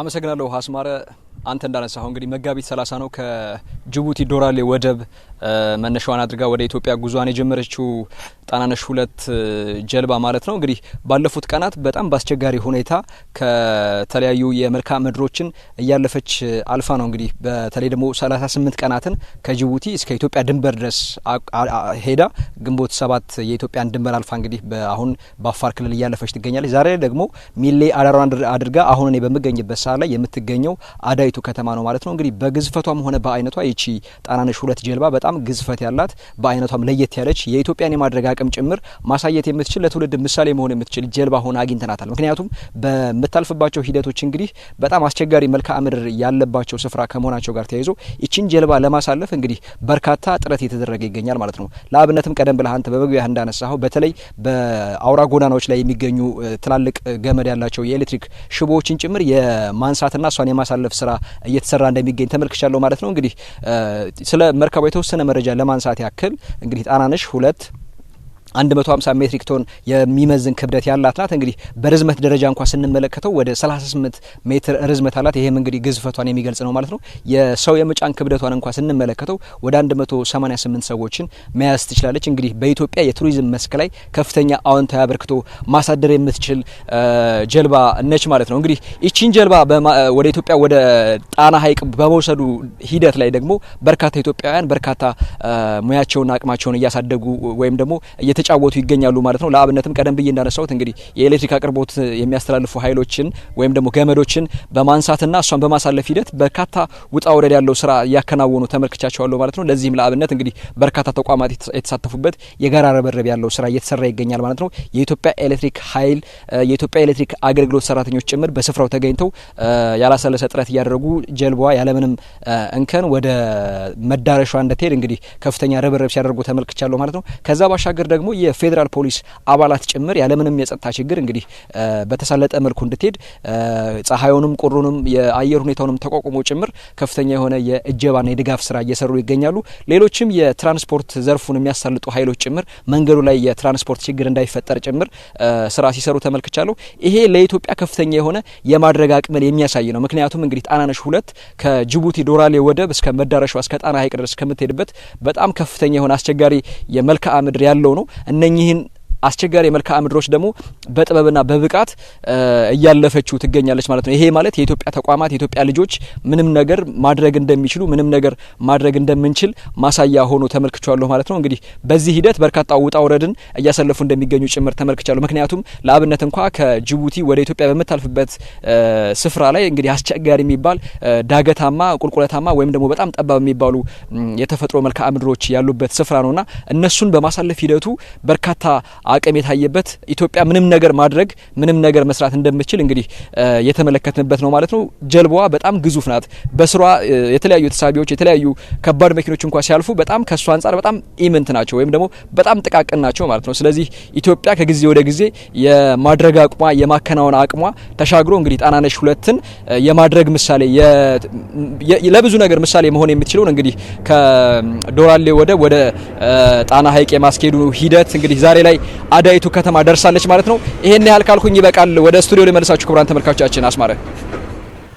አመሰግናለሁ አስማረ። አንተ እንዳነሳኸው እንግዲህ መጋቢት ሰላሳ ነው ከጅቡቲ ዶራሌ ወደብ መነሻዋን አድርጋ ወደ ኢትዮጵያ ጉዟን የጀመረችው ጣናነሽ ሁለት ጀልባ ማለት ነው። እንግዲህ ባለፉት ቀናት በጣም በአስቸጋሪ ሁኔታ ከተለያዩ የመልክዓ ምድሮችን እያለፈች አልፋ ነው እንግዲህ በተለይ ደግሞ ሰላሳ ስምንት ቀናትን ከጅቡቲ እስከ ኢትዮጵያ ድንበር ድረስ ሄዳ ግንቦት ሰባት የኢትዮጵያን ድንበር አልፋ እንግዲህ አሁን በአፋር ክልል እያለፈች ትገኛለች። ዛሬ ደግሞ ሚሌ አዳሯን አድርጋ አሁን እኔ በምገኝበት ሰዓት ላይ የምትገኘው አዳ ጣናይቱ ከተማ ነው ማለት ነው። እንግዲህ በግዝፈቷም ሆነ በአይነቷ ይቺ ጣናነሽ ሁለት ጀልባ በጣም ግዝፈት ያላት በአይነቷም ለየት ያለች የኢትዮጵያን የማድረግ አቅም ጭምር ማሳየት የምትችል ለትውልድ ምሳሌ መሆን የምትችል ጀልባ ሆነ አግኝተናታል። ምክንያቱም በምታልፍባቸው ሂደቶች እንግዲህ በጣም አስቸጋሪ መልክዓ ምድር ያለባቸው ስፍራ ከመሆናቸው ጋር ተያይዞ ይችን ጀልባ ለማሳለፍ እንግዲህ በርካታ ጥረት የተደረገ ይገኛል ማለት ነው። ለአብነትም ቀደም ብለህ አንተ በመግቢያህ እንዳነሳኸው በተለይ በአውራ ጎዳናዎች ላይ የሚገኙ ትላልቅ ገመድ ያላቸው የኤሌክትሪክ ሽቦዎችን ጭምር የማንሳትና እሷን የማሳለፍ ስራ እየተሰራ እንደሚገኝ ተመልክቻለሁ ማለት ነው። እንግዲህ ስለ መርከቧ የተወሰነ መረጃ ለማንሳት ያክል እንግዲህ ጣናነሽ ሁለት 150 ሜትሪክ ቶን የሚመዝን ክብደት ያላት ናት። እንግዲህ በርዝመት ደረጃ እንኳ ስንመለከተው ወደ 38 ሜትር ርዝመት አላት። ይህም እንግዲህ ግዝፈቷን የሚገልጽ ነው ማለት ነው። የሰው የመጫን ክብደቷን እንኳ ስንመለከተው ወደ 188 ሰዎችን መያዝ ትችላለች። እንግዲህ በኢትዮጵያ የቱሪዝም መስክ ላይ ከፍተኛ አዎንታዊ አበርክቶ ማሳደር የምትችል ጀልባ ነች ማለት ነው። እንግዲህ ይቺን ጀልባ ወደ ኢትዮጵያ ወደ ጣና ሐይቅ በመውሰዱ ሂደት ላይ ደግሞ በርካታ ኢትዮጵያውያን በርካታ ሙያቸውን አቅማቸውን እያሳደጉ ወይም ደግሞ እየተጫወቱ ይገኛሉ ማለት ነው። ለአብነትም ቀደም ብዬ እንዳነሳሁት እንግዲህ የኤሌክትሪክ አቅርቦት የሚያስተላልፉ ኃይሎችን ወይም ደግሞ ገመዶችን በማንሳትና እሷን በማሳለፍ ሂደት በርካታ ውጣ ወረድ ያለው ስራ እያከናወኑ ተመልክቻቸዋለሁ ማለት ነው። ለዚህም ለአብነት እንግዲህ በርካታ ተቋማት የተሳተፉበት የጋራ ርብርብ ያለው ስራ እየተሰራ ይገኛል ማለት ነው። የኢትዮጵያ ኤሌክትሪክ ኃይል የኢትዮጵያ ኤሌክትሪክ አገልግሎት ሰራተኞች ጭምር በስፍራው ተገኝተው ያላሰለሰ ጥረት እያደረጉ ጀልባዋ ያለምንም እንከን ወደ መዳረሻ እንደትሄድ እንግዲህ ከፍተኛ ርብርብ ሲያደርጉ ተመልክቻለሁ ማለት ነው። ከዛ ባሻገር ደግሞ የፌዴራል ፖሊስ አባላት ጭምር ያለምንም የጸጥታ ችግር እንግዲህ በተሳለጠ መልኩ እንድትሄድ ፀሐዩንም ቁሩንም የአየር ሁኔታውንም ተቋቁሞ ጭምር ከፍተኛ የሆነ የእጀባና የድጋፍ ስራ እየሰሩ ይገኛሉ። ሌሎችም የትራንስፖርት ዘርፉን የሚያሳልጡ ኃይሎች ጭምር መንገዱ ላይ የትራንስፖርት ችግር እንዳይፈጠር ጭምር ስራ ሲሰሩ ተመልክቻለሁ። ይሄ ለኢትዮጵያ ከፍተኛ የሆነ የማድረግ አቅምን የሚያሳይ ነው። ምክንያቱም እንግዲህ ጣናነሽ ሁለት ከጅቡቲ ዶራሌ ወደብ እስከ መዳረሻዋ እስከ ጣና ሐይቅ ድረስ ከምትሄድበት በጣም ከፍተኛ የሆነ አስቸጋሪ የመልክዓ ምድር ያለው ነው። እነኚህን አስቸጋሪ የመልክዓ ምድሮች ደግሞ በጥበብና በብቃት እያለፈችው ትገኛለች ማለት ነው። ይሄ ማለት የኢትዮጵያ ተቋማት የኢትዮጵያ ልጆች ምንም ነገር ማድረግ እንደሚችሉ ምንም ነገር ማድረግ እንደምንችል ማሳያ ሆኖ ተመልክቻለሁ ማለት ነው። እንግዲህ በዚህ ሂደት በርካታ ውጣ ውረድን እያሳለፉ እንደሚገኙ ጭምር ተመልክቻለሁ። ምክንያቱም ለአብነት እንኳ ከጅቡቲ ወደ ኢትዮጵያ በምታልፍበት ስፍራ ላይ እንግዲህ አስቸጋሪ የሚባል ዳገታማ፣ ቁልቁለታማ ወይም ደግሞ በጣም ጠባብ የሚባሉ የተፈጥሮ መልክዓ ምድሮች ያሉበት ስፍራ ነውና እነሱን በማሳለፍ ሂደቱ በርካታ አቅም የታየበት ኢትዮጵያ ምንም ነገር ማድረግ ምንም ነገር መስራት እንደምትችል እንግዲህ የተመለከትንበት ነው ማለት ነው። ጀልባዋ በጣም ግዙፍ ናት። በስሯ የተለያዩ ተሳቢዎች፣ የተለያዩ ከባድ መኪኖች እንኳ ሲያልፉ በጣም ከእሱ አንጻር በጣም ኢምንት ናቸው ወይም ደግሞ በጣም ጥቃቅን ናቸው ማለት ነው። ስለዚህ ኢትዮጵያ ከጊዜ ወደ ጊዜ የማድረግ አቅሟ የማከናወን አቅሟ ተሻግሮ እንግዲህ ጣናነሽ ሁለትን የማድረግ ምሳሌ ለብዙ ነገር ምሳሌ መሆን የምትችለውን እንግዲህ ከዶራሌ ወደብ ወደ ጣና ሐይቅ የማስኬዱ ሂደት እንግዲህ ዛሬ ላይ አዳይቱ ከተማ ደርሳለች ማለት ነው። ይሄን ያህል ካልኩኝ ይበቃል። ወደ ስቱዲዮ ልመልሳችሁ ክቡራን ተመልካቾቻችን አስማረ